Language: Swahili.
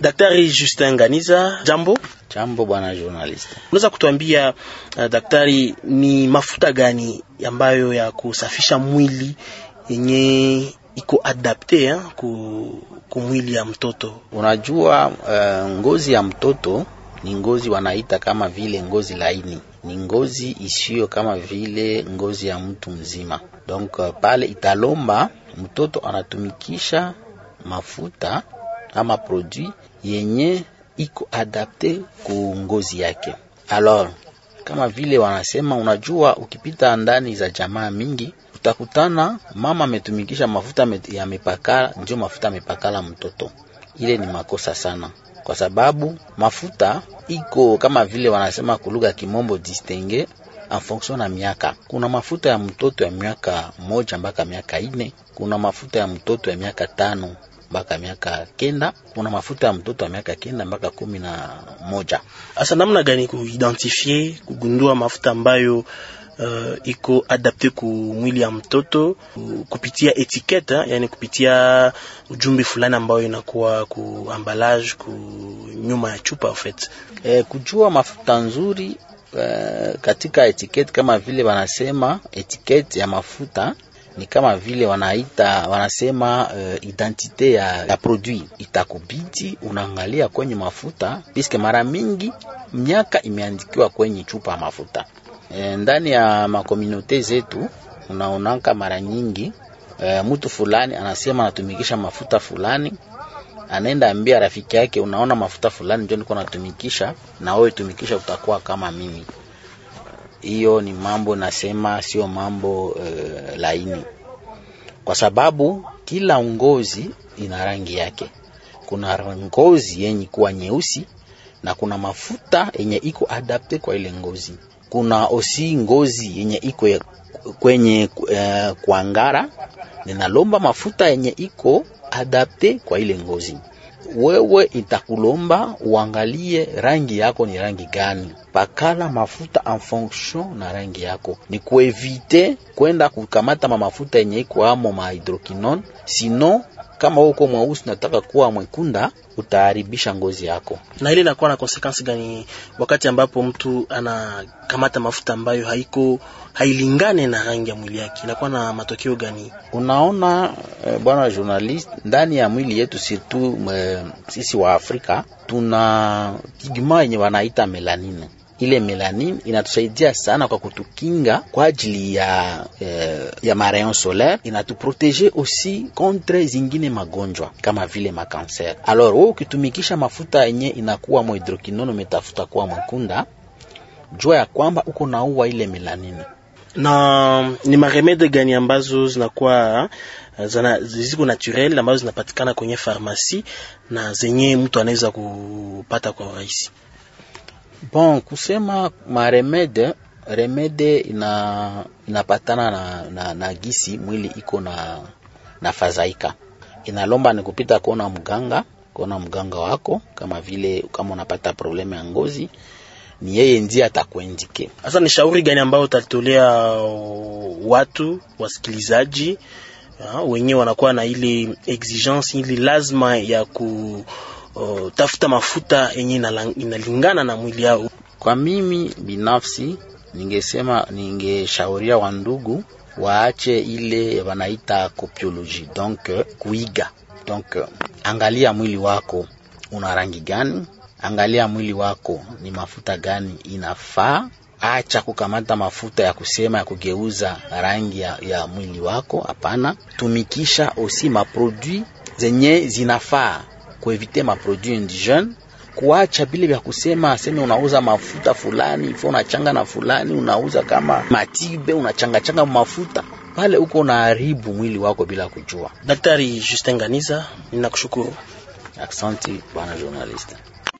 Daktari Justin Nganiza, jambo. Jambo bwana journalist. Unaweza kutuambia uh, daktari, ni mafuta gani ambayo ya kusafisha mwili yenye iko adapte ya, eh, ku, ku mwili ya mtoto? Unajua uh, ngozi ya mtoto ni ngozi wanaita kama vile ngozi laini, ni ngozi isiyo kama vile ngozi ya mtu mzima. Donc uh, pale italomba mtoto anatumikisha mafuta ama produit yenye iko adapte ku ngozi yake. Alors kama vile wanasema, unajua ukipita ndani za jamaa mingi utakutana mama ametumikisha mafuta ya yamepakala, ndio mafuta amepakala mtoto. Ile ni makosa sana, kwa sababu mafuta iko kama vile wanasema kulugha kimombo distingue en fonction na miaka. Kuna mafuta ya mtoto ya miaka moja mpaka miaka ine, kuna mafuta ya mtoto ya miaka tano mpaka miaka kenda. Kuna mafuta ya mtoto ya miaka kenda mpaka kumi na moja. Asa, namna gani kuidentifie kugundua mafuta ambayo Uh, iko adapte ku mwili ya mtoto kupitia etiketa, yani kupitia ujumbe fulani ambayo inakuwa ku ambalage ku nyuma ya chupa ofet. Eh, kujua mafuta nzuri uh, katika etiketi kama vile wanasema etiketi ya mafuta ni kama vile wanaita wanasema uh, identite ya, ya produit itakubidi unaangalia kwenye mafuta, piske mara mingi miaka imeandikiwa kwenye chupa ya mafuta e, ndani ya makomunote zetu unaonaka mara nyingi e, mtu fulani anasema anatumikisha mafuta fulani, anaenda ambia rafiki yake, unaona mafuta fulani ndio niko natumikisha, na wewe tumikisha, utakuwa kama mimi hiyo ni mambo nasema sio mambo uh, laini, kwa sababu kila ngozi ina rangi yake. Kuna ngozi yenye kuwa nyeusi na kuna mafuta yenye iko adapte kwa ile ngozi. Kuna osi ngozi yenye iko kwenye uh, kuangara ninalomba mafuta yenye iko adapte kwa ile ngozi wewe itakulomba uangalie rangi yako ni rangi gani, pakala mafuta en fonction na rangi yako. Ni kuevite kwenda kukamata mamafuta yenye iko amo ma hydroquinone, sino kama uko mweusi nataka kuwa mwekunda utaharibisha ngozi yako. Na ile inakuwa na consequence gani? Wakati ambapo mtu anakamata mafuta ambayo haiko hailingane na rangi ya mwili yake, inakuwa na matokeo gani? Unaona eh, bwana journalist, ndani ya mwili yetu surtout eh, sisi wa Afrika tuna pigma yenye wanaita melanine. Ile melanine inatusaidia sana kwa kutukinga kwa ajili ya, eh, ya marayon solaire, inatuprotege aussi contre zingine magonjwa kama vile makanser. Alors wewe ukitumikisha mafuta yenye inakuwa mohidrokinone, umetafuta kuwa mwekunda, jua ya kwamba uko naua ile melanine na ni maremede gani ambazo zinakuwa ziko naturel ambazo zinapatikana kwenye farmasi na zenye mtu anaweza kupata kwa urahisi? Bon, kusema maremede remede ina, inapatana na, na, na gisi mwili iko na, na fadhaika inalomba ni kupita kuona mganga, kuona mganga wako, kama vile kama unapata probleme ya ngozi ni yeye ndiye atakuindike. Sasa ni shauri gani ambayo utatolea uh, watu wasikilizaji uh, wenyewe wanakuwa na ile exigence ile lazima ya kutafuta uh, mafuta yenye inalingana na mwili yao? Kwa mimi binafsi, ningesema ningeshauria wandugu waache ile wanaita kopioloji, donc kuiga. Donc angalia mwili wako una rangi gani angalia mwili wako ni mafuta gani inafaa. Acha kukamata mafuta ya kusema ya kugeuza rangi ya, ya mwili wako, hapana. Tumikisha osi maprodui zenye zinafaa, kuevite maprodui indigene kuacha bile vya kusema seme unauza mafuta fulani ifo unachanga na fulani unauza kama matibe unachangachanga mafuta pale, uko unaharibu mwili wako bila kujua. Daktari Justin Ganiza, ninakushukuru. Asante bwana journalist.